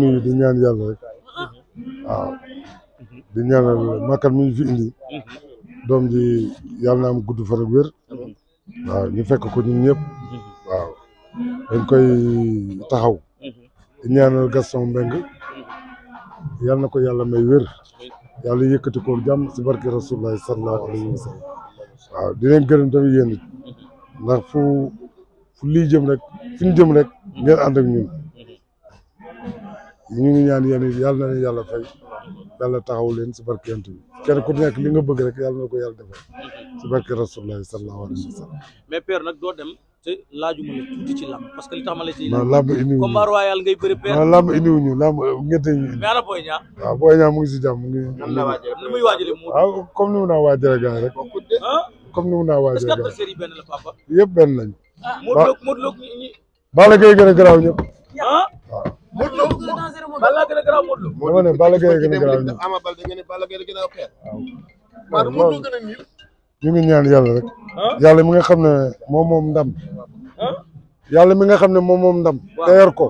nuyu di ñaan yàlla rek waaw di ñaanal makkat mi fi indi doom ji yàlla na am gudd fan ak ñu fekk ko ñun ñëpp waaw dañ koy taxaw di ñaanal Gaston Mbengue yàlla na ko yàlla may wér yàlla yëkkati ko jàmm si barke rasulullahi sallallahu alayhi wa sallam waaw di leen ndax fu lii jëm rek fi ñu jëm rek ngeen ànd ak ñun ñu ngi ñaan yéen yàlla na leen yàlla fay yàlla taxaw leen si barke yant bi kenn ku nekk li nga bëgg rek yàlla na ko yàlla defal si barke rasulullahi sallallahu alayhi wa sallam mais père nag doo te laajuma la tuuti ci làmb parce que li tax ma la ci làmb indiwuñu combat royal ngay bëri père ñu mu ngi si jàmm mu ngi nu muy waajale mu waaw comme ni rek comme ni mu naa waajale gars adversaire yi benn la papa yëpp benn Modou Lo Balla gën a garaaw Modou Lo. dama ne Balla Gaye gën a garaaw ñun. Ama ne Balla Gaye gën a xeer. ngi ñaan yàlla yàlla mi nga xam ne moom moom ndam. yàlla mi nga xam ne moom moom ndam. waaw teer ko.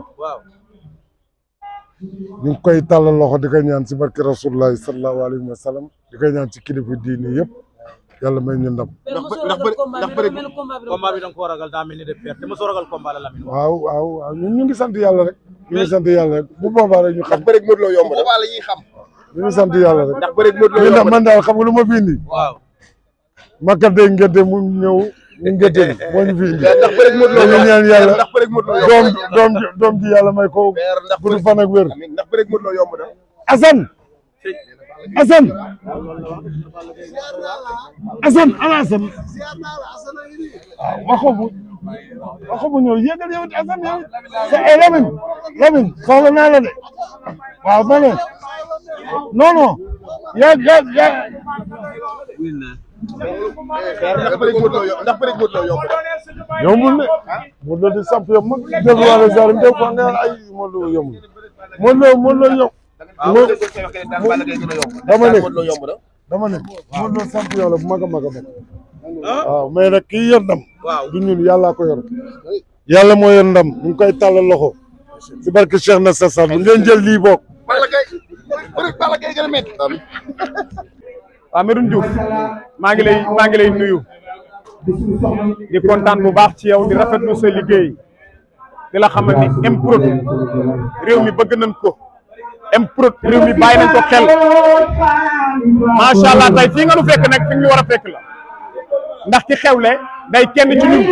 ñu ngi koy tàllal loxo di koy ñaan ci barke rasulullahi sallallahu alayhi wa sallam di koy ñaan ci kilif diini yëpp yàlla may ñu ndam. ndax ndax bëri ndax da nga ko ragal daa ni ngi sant yàlla rek. ñu ngi sant yàlla rek bu boobaa rek xam. ndax bëreeg Modou Lo yomb boobaa la ñuy xam. ñu ngi sant yàlla rek. ndax bëreeg Modou Lo yomb man daal xam nga lu ma fi indi. waaw. makkat day mu ñëw ñu ngette ni moo ñu fi indi. ndax bëreeg Modou Lo yomb ñaan yàlla doom doom doom ji yàlla may ko. gudd fan ak wér. ndax bëreeg Modou Lo yomb na. Assane Assane ana Assane waaw waxu bu waxu bu ñëw yéegal yow it Assane yow it sa ay eh, Lamine Lamine soxla naa la de waaw ma ne non non yaa yaa yaa ndax bëri góor la yomb yombul ne Modou Lo di samp yow mag jël wala zarim def ko nga ay Modou Lo yombul Modou Lo Modou Lo yomb Ah, waaw dama ne dama ne sant yàlla bu mag a mag a mag waaw mais nag kii yor ndam du ñun yàllaa ko yor yàlla moo yor ndam ñu ngi koy tàllal loxo si barke Cheikh na sa san bu ngeen jël lii bokk waaw Medoune Diouf maa ngi lay maa ngi lay nuyu di kontaan bu baax ci yow di rafetlu sa liggéey di la xamal ni improdu réew mi bëgg nañ ko MPROD réew mi bàyyi nañ ko xel macha allah tey fii nga nu fekk nag fi ñu war a fekk la ndax ki xewle day kenn ci ñun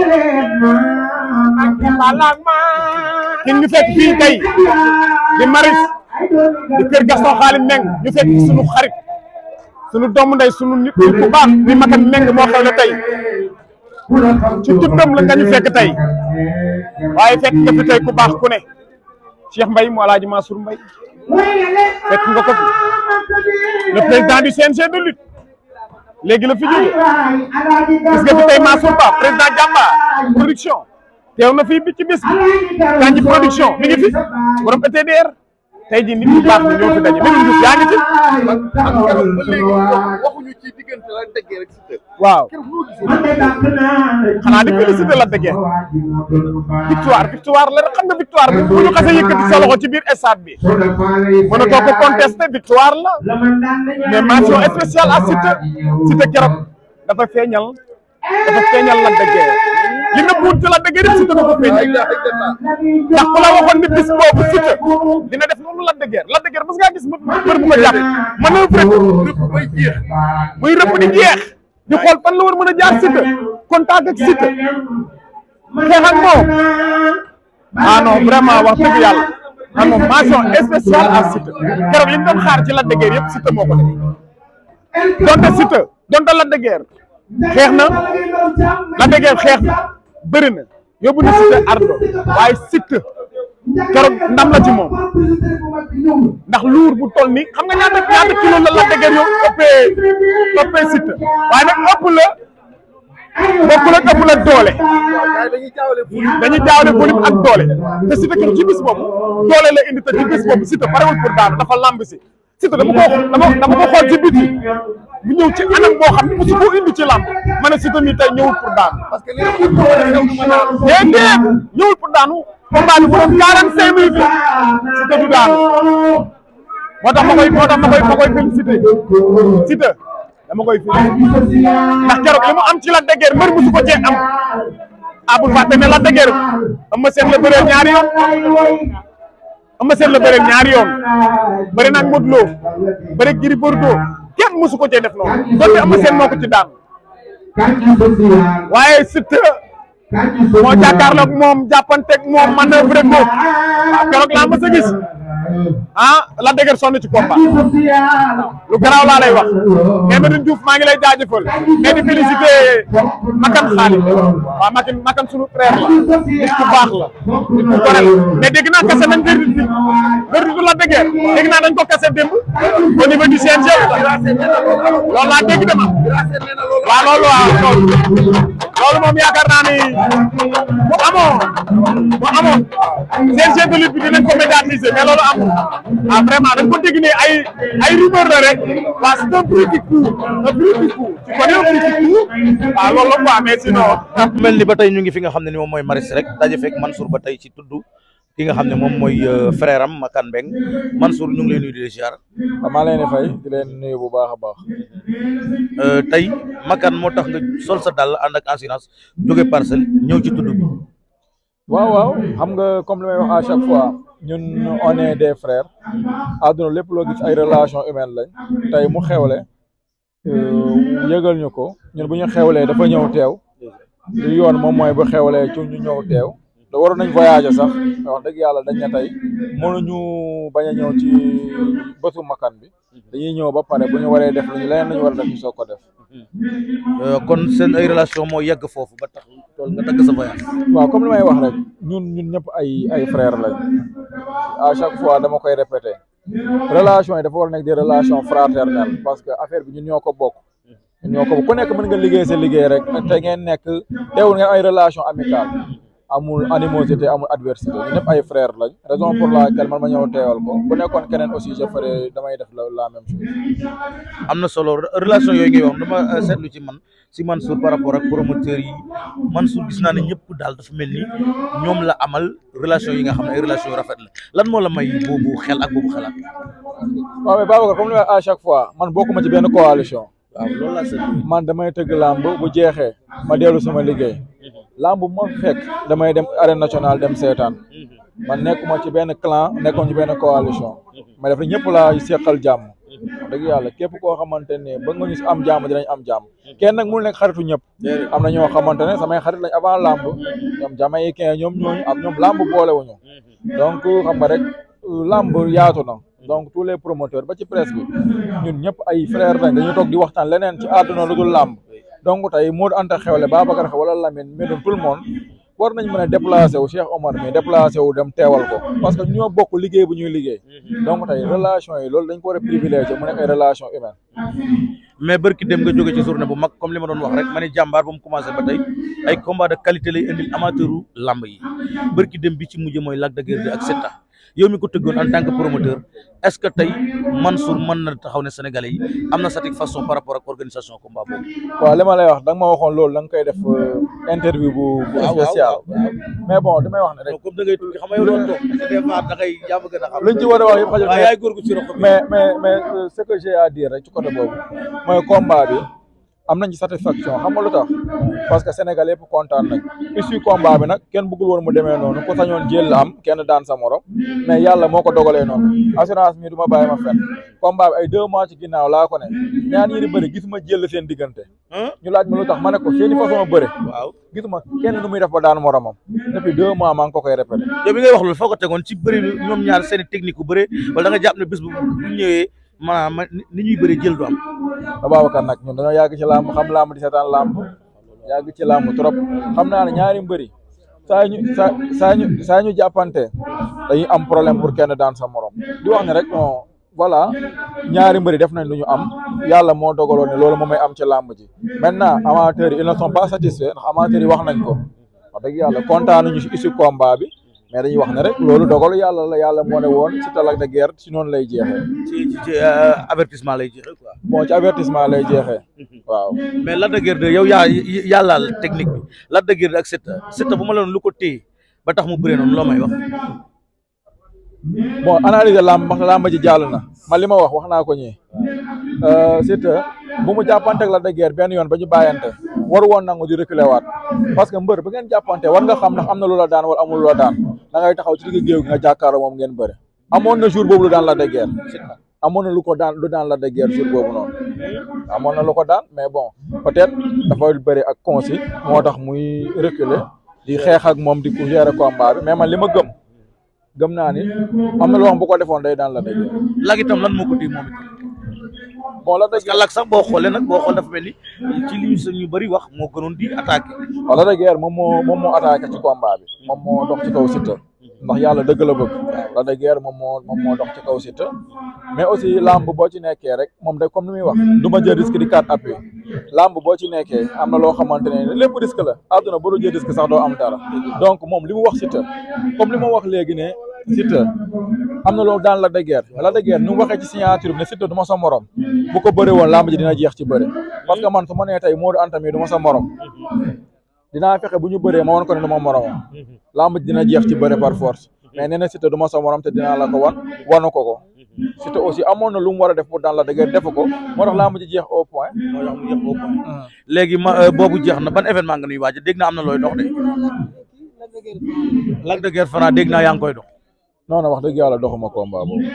ki ñu fekk fii tey di maris di kër Gaston xaali meng ñu fekk suñu xarit suñu doomu ndey suñu ku baax di makat meng moo xewle tey ci tuddam la nga ñu fekk tey waaye fekk nga fi tey ku baax ku ne Cheikh Mbaye mu Alaaji Mansour Mbaye fekk nga ko le président du CNG de lutte léegi la fi jóge gis nga fi tey Mansour Ba président Jàmba production teew na fi bi ci bis bi Kanji production mi ngi fi borom ETDR tey jii nit ñu baax na ñoo la déggee rek Siteu. di félicité la déggee victoire la rek xam nga victoire bi bu ñu xasee yëkkati sa loxo ci biir stade bi mënatoo ko contesté victoire la mais mention spéciale à Siteu dafa feeñal la déggee. li na buunte la dëgg yëpp Siteu da ko feeñ ndax ku dina def noonu Lac de Guiers Lac de Guiers mos ngaa gis mbër bu ko jàpp manœuvre rek bay jeex muy rëpp di jeex di xool fan la war mën a jaar Siteu contact ak Siteu xeex ak moom ah vraiment wax dëgg yàlla ah moom mention spéciale à Siteu keroog li ñu doon xaar ci Lac de Guiers yëpp Siteu moo ko def donte Siteu donte Lac de Guiers xeex na Lac de Guiers xeex na bëri na yóbbu na Siteu ardo waaye Siteu keroog ndam la ci moom ndax luur bu toll ni xam nga ñaata ñaata kilo la la dëgër yow ëppee ëppee Siteu waaye nag ëpp la bokkul ak ëpp la doole ak doole te Siteu ci bis boobu doole la indi te ci bis boobu Siteu parewul pour daanu dafa lamb si Siteu dama ko dama ko xool ci biti mu ñëw ci anam boo xam ne mosu koo indi ci làmb ma ne Siteu mi tey ñëwul pour daanu parce que léegi ñëwul pour daanu déedéet ñëwul pour daanu combat bi borom 45 minutes Siteu du daanu moo tax ma koy moo tax ma koy ma koy félicité Siteu dama koy félicité ndax keroog li mu am ci la dëgër mbër mosu ko cee am abul ah, fàtte ne la dëgër am ma seen la bëree ñaari yoon Eumeu la bëre ñaari yoon bëri na ak Modou Lo bëri Gris Bordeaux kenn mësu ko cee def noonu donte Eumeu Sène moo ko ci daan waaye Siteu moo jàkkaarloog moom jàppanteeg moom manœuvre ko waaw keroog laa mës aa ah, la dëgër sonn ci combat lu garaaw laa lay wax mais Medoune maa ngi lay jaajëfal mais di félicité Makan Xaali waaw Makan Makan sunu frère la nit ku baax la nit ku gorel mais dégg naa kase nañ verdict bi verdict la dëgër dégg naa dañ ko kase démb au niveau du CNG loolu laa dégg dama waaw loolu waaw loolu loolu moom yaakaar naa ni bu amoon bu amoon seen chef de lutte bi dinañ ko médiatiser mais loolu amul ah vraiment dañ ko dégg ne ay ay rumeur la rek parce que un bruit qui court un ah, bruit loolu la quoi mais mel ni ba tey ñu ngi fi nga xam ne ni mooy Maristes rek daje fekk Mansour ba tey ci tudd. ki nga xam ne moom mooy euh, frère am Makan Mbeng man ñu ngi lay nuyu di leen ziar. maa fay di leen bu baax a baax. Euh, tey Makan moo tax nga sol sa dàll ànd ak assurance jóge parcelle ñëw ci tudd bi. waaw waaw xam nga comme li may chaque fois ñun on est des frères àdduna lépp loo gis ay relations humaines lañ tey mu xewle euh, yëgal ñu ko ñun bu ñu xewlee dafa ñëw teew. ñu yoon moom mooy bu xewlee ci ñu ñëw teew. te waroon nañ voyager sax wax dëgg yàlla dañ ne tey mënuñu bañ a ñëw ci bëtu makan bi dañuy ñëw ba pare bu ñu waree def lu ñu leneen nañu war a def ñu soog ko def euh, kon seen ay relation moo yegg foofu ba tax tool nga dagg sa voyage waaw comme li may wax rek ñun ñun ñëpp ay ay frère lañ à chaque fois dama koy répété relation yi dafa war a nekk des relations fraternelles parce que affaire bi ñun ñoo ko bokk ñun ñoo ko bokk ku nekk mën nga liggéey sa liggéey rek te ngeen nekk teewul ngeen ay relation amicale amul animosité amul adversité ñu ñëpp ay frère lañ raison pour laquelle man ma ñëw teewal ko bu nekkoon keneen aussi je ferai damay def la même chose. am na solo relation yooyu ngay wax dama euh, seetlu ci man si man Mansour par rapport ak promoteur yi Mansour gis naa ne ñëpp daal dafa mel ni ñoom la amal relation yi nga xam ne ay relation rafet la lan moo la may boobu xel ak boobu xalaat. waaw mais Babacar comme ni à chaque fois man bokkuma ci benn coalition. waaw loolu man damay tëgg làmb bu jeexee ma dellu sama liggéey làmb bu ma fekk damay dem arène nationale dem seetaan man nekkuma ci benn clan nekkoon ci benn coalition ma def ñëpp laa seqal jàmm dëgg yàlla képp koo xamante ne ba nga ñu am jàmm dinañ am jàmm kenn nag mënul nekk xaritu ñëpp am na ñoo xamante ne samay xarit lañ avant làmb ñoom jamaïcain ñoom ñooñu ak ñoom làmb boolewuñu donc xam nga rek làmb yaatu na donc tous les promoteurs ba ci presse ñun ñëpp ay frères lañ dañuy di waxtaan leneen ci àdduna lu dul làmb donc tey Modou Anta Xewle Babacar Xewle wala Lamine Medoune tout le monde war nañ mën a déplacé wu Cheikh Omar mi déplacé wu dem teewal ko parce que ñoo bokk liggéey bu ñuy liggéey donc tey relation yi loolu dañ ko war a privilégié mu relation humaine mais barki dem nga ci journée bu mag comme li ma doon wax rek ma ne jàmbaar ba mu commencé ba tey ay combat de lamb yi barki dem bi ci mujj mooy Lac de Guiers ak yow mi ko tëggoon en tant que mm. promoteur est-ce que tey Mansour mën na taxaw ne Sénégalais yi am na satisfaction par rapport ak organisation combat boobu. waaw li ma lay wax da ma waxoon loolu da nga koy def euh, interview bu bu spécial. mais bon damay wax ne rek. comme da ngay tudd xam nga yow doon toog des fois da ngay jàmm gën a xam. wax yëpp xajul ah, mais mais mais euh, ce que j'ai à rek ci côté boobu mooy combat bi. am nañ ci satisfaction xam nga lu tax parce que Sénégal yëpp kontaan nañ issue combat bi nag kenn bëggul woon mu demee noonu ku sañoon jël am kenn daan sa morom mais yàlla moo ko dogalee noonu assurance mi du ma bàyyi ma fenn combat bi ay deux mois ci ginnaaw laa ko ne ñaan yi gis ma jël seen diggante ñu laaj ma lu tax ma ne ko seeni façon bëre waaw gis ma kenn nu muy def ba daan moromam depuis deux mois maa ngi ko koy répété yow bi ngay wax loolu foo ko tegoon ci bëri ñoom ñaar seeni technique bu bëre wala da nga jàpp ne ma ni ñuy bëri jël du am Ababacar nag ñun dañoo yàgg ci làmb xam làmb di seetaan làmb yàgg ci làmb trop xam naa ne ñaari mbëri saa ñu saa saa jàppante dañuy am problème pour kenn daan sa morom di wax ne rek non voilà ñaari mbëri def nañ lu ñu am yàlla moo dogaloon ne loolu moom may am ci làmb ji maintenant amateurs yi ils ne sont pas satisfaits ndax amateurs yi wax nañ ko wax dëgg yàlla kontaan nañu si combat bi mais dañuy wax ne rek loolu dogalu yàlla la yàlla moo ne woon ci talak de guerre si noonu lay jeexee. ci ci euh, avertissement lay jeexee quoi. bon ci avertissement lay jeexee. waaw mais Lac de Guerre de yow yaa yàlla technique bi Lac de Guerre de ak Siteu bu ma la lu ko téye ba tax mu bëree noonu loo may wax. bon analyser làmb làmb ji jàll na man li ma wax wax naa ko ñi euh, Siteu bu mu jàppanteeg Lac de Guerre benn yoon ba ñu bàyyante waru woon nangu di reculer waat parce que mbër ba ngeen jàppante war nga xam ndax am na lu la daan wala amul lu daan. da ngay taxaw ci digg géew gi nga jàkkaarloo moom ngeen bëri amoon na jour boobu lu daan la de guerre amoon na lu ko daan lu daan la de guerre jour boobu noonu amoon na lu ko daan mais bon peut-être dafay bëri ak consil moo tax muy reculer di xeex ak moom di ko gérer combat bi mais man li ma gëm gëm naa ni am na loo bu ko defoon day daan la de guerre. lag itam lan ko téye moom wala parce que Lac sax boo xoolee nag boo xoolee dafa mel ni ci li ñu ñu bëri wax moo gënoon di attaqué. wala de guerre moom moo moom moo attaqué ci combat bi moom moo dox ci kaw Siteu ndax yàlla dëgg la bëgg Lac de Guiers moom moo moom moo dox ci kaw Siteu mais aussi lamb boo ci nekkee rek moom day comme ni muy wax du ma jël risque di quatre appui lamb boo ci nekkee am na loo xamante ne lépp risque la àdduna boo jël risque sax doo am dara donc moom li mu wax Siteu comme li ma wax léegi ne Siteu am na loolu daan Lac de Guiers Lac de Guiers ni mu waxee ci signature bi ne Siteu du sa morom bu ko bëri woon lamb ji dina jeex ci bëri parce que man su ma nee tey Modou Anta mi ma sa morom dina fexe bu ñu bëree ma woon ko ne du ma lamb dina jeex ci bëre par force mais nee na Siteu du ma sa morom te dinaa la ko wan wanu ko ko Siteu aussi amoon na lu mu war a def pour daan la dëgër defu ko moo jeex au point moo mm. léegi ma euh, boobu jeex na ban événement nga nuy waaj dégg am na looy dox de Lac de dégg naa yaa ngi koy dox non wax dëgg yàlla doxuma combat boobu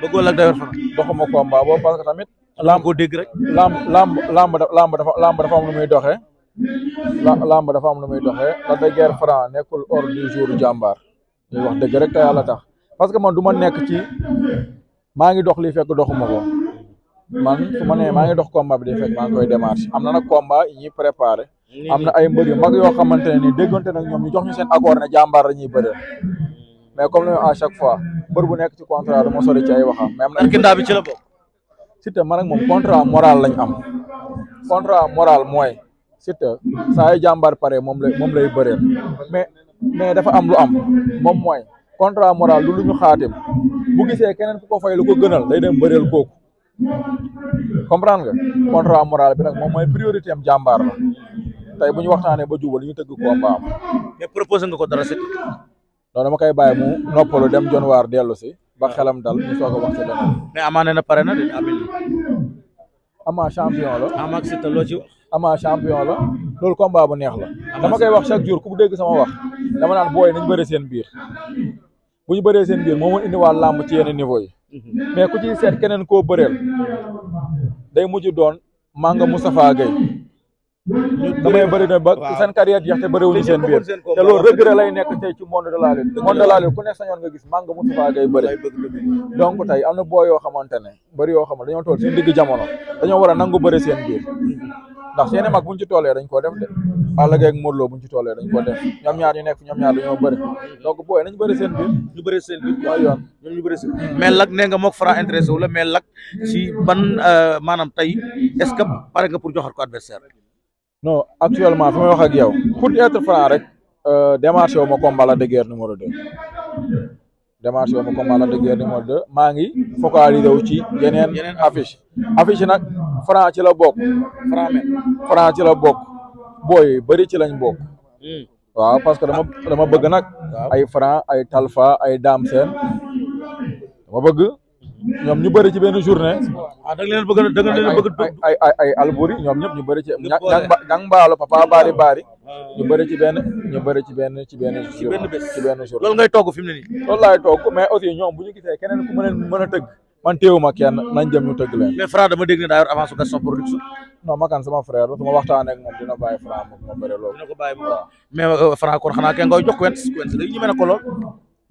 bëggoo Lac doxuma combat boobu tamit lamb ko dégg rek lamb lamb lamb lamb dafa lamb dafa muy doxee lamb dafa am nu muy doxee la de guerre franc nekkul hors du jour jàmbaar ñuy wax dëgg rek te yàlla tax parce que man du ma nekk ci maa ngi dox li fekk doxuma ko man su ma nee maa ngi dox combat bi di fekk maa ngi koy démarche am na nag combat yi ñuy préparé am na ay mbër yu mag yoo xamante ne nii déggante nag ñoom ñu jox ñu seen accord ne jàmbaar la ñuy bëre mais comme la à chaque fois mbër bu nekk ci contrat dama sori ci ay waxam mais am na kindaa bi ci la bokk surtout man ak moom contrat moral lañ am contrat moral mooy Siteu saa yu jàmbaar pare moom lay moom lay bëreel mais mais dafa am lu am moom mooy contrat moral lu lu ñu xaatim bu gisee keneen ku ko fay lu ko gënal day dem bëreel kooku comprendre nga contrat moral bi nag moom mooy priorité am jàmbaar la tey bu ñu waxtaanee ba jubal ñu tëgg combat am. mais proposé nga ko dara Siteu. non dama koy bàyyi mu noppalu dem jon waar dellu si ba xelam dal ñu soog a na pare na de Ama ama champion la loolu combat bu neex la dama koy wax chaque jour ku dégg sama wax dama naan booy nañ bëree seen biir bu ñu bëree seen biir moo mën indi waa làmb ci yenn niveau yi mais ku ciy seet keneen koo bëreel day mujj doon Manga Moustapha Gueye damay bëri na ba seen carrière jeex te bëriwuñu seen biir te loolu regret lay nekk tey ci monde de la lutte monde de la lutte ku nekk sañoon nga gis Manga Moustapha Gueye bëri donc tey am na boo yoo xamante ne bëri yoo xamante dañoo toll seen digg jamono dañoo war a nangu bëri ndax seeni mag buñ ci toolee dañ koo def de Balla Gaye ak Modou Lo buñ ci toolee dañ koo def ñaar ñu nekk ñoom ñaar dañoo bëri donc booy nañ bëri seen biir ñu bëri seen biir waaw yoon ñoom ñu bëri seen mm. mais lak nee nga mook Franc intéressé wu la mais lak ci ban euh, maanaam tey est-ce que pare nga pour joxaat ko adversaire non actuellement fi may wax ak yow pour être franc rek euh, démarché wu ma combat la de numéro deux démarche yoomu combat Lac de Guiers numéro 2 maa ngi focalisé wu ci yeneen affiche affiche nag Franc ci la bokk Franc men Franc ci la bokk booy lañ bokk hmm. que dama dama bëgg nag ay Franc ay Talfa ay Dame Sène dama bëgg ñoom ñu bëri ci benn journée. ah da nga leen ci. ña ña papa baari ñu bëri ci benn ñu bëri ci benn ci benn jour ci ne nii loolu laay togg mais aussi ñoom bu ñu gisee keneen ku a a man téewuma kenn nañ jëm ñu tëgg leen dama dégg ne daa yor avance Gaston Production non ma kan sama frère su ma waxtaanee ak moom dina bàyyi Franc moom ma bëri loolu dina ko bàyyi waaw mais euh, Franc kon xanaa kenn koy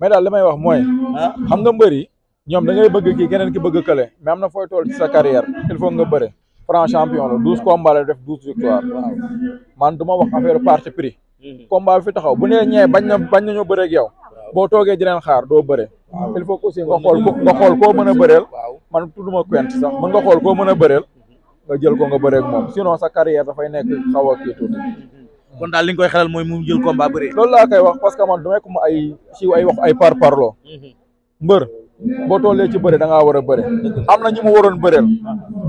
a wax mooy ah. xam nga ñoom da ngay ki bëgg kële mais am na fooy tool sa carrière il faut nga bëre franc champion la douze combats la def douze victoire waaw man du ma wax affaire parti pris combat fi taxaw bu nee ñee bañ na bañ nañoo bëre ak yow boo toogee di leen xaar doo bëre il faut que aussi nga xool nga xool koo man tudduma Quench sax mën nga xool koo mën a bëreel nga jël ko nga bëree ak moom sinon sa carrière dafay nekk xaw a kii tuuti kon daal li nga koy xelal mooy mu jël combat bëre loolu laa koy wax parce que man du ma ay si ay wax ay par parloo mhm. mbër boo tollee ci bëre da ngaa war a bëre am na ñu mu waroon bëreel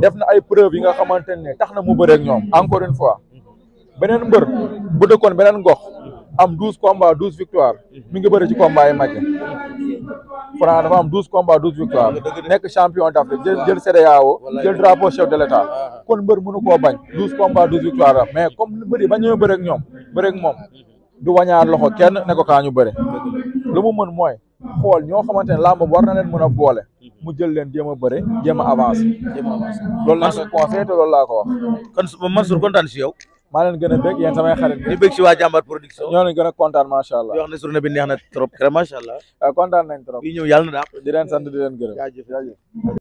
def na ay preuve yi nga xamante ne tax na mu bëree ñoom encore une fois beneen mbër bu dëkkoon beneen gox am douze combats douze victoire mi ngi bëri ci combats yi màcce Franc dafa am douze combats douze victoire nekk champion d'Afrique jël jël CEDEAO jël drapeau chef de l'État kon mbër mënu koo bañ douze combats douze victoire am mais comme mbër yi bañ ñoo bëri ñoom bëri ak moom du wañaar loxo ken ne ko kaa ñu bëri mën mooy xool ñoo xamante ne làmb war na leen mën a boole mu jël leen jéem a bëre jéem a avancé jéem a avancé loolu laa ko conseillé te loolu laa ko wax kon Mansour kontaan si yow maa leen gën a bég yéen samay xarit di bég si waa production ñoo leen gën a kontaan macha allah wax bi neex na trop macha allah ah, kontaan nañ trop sant di leen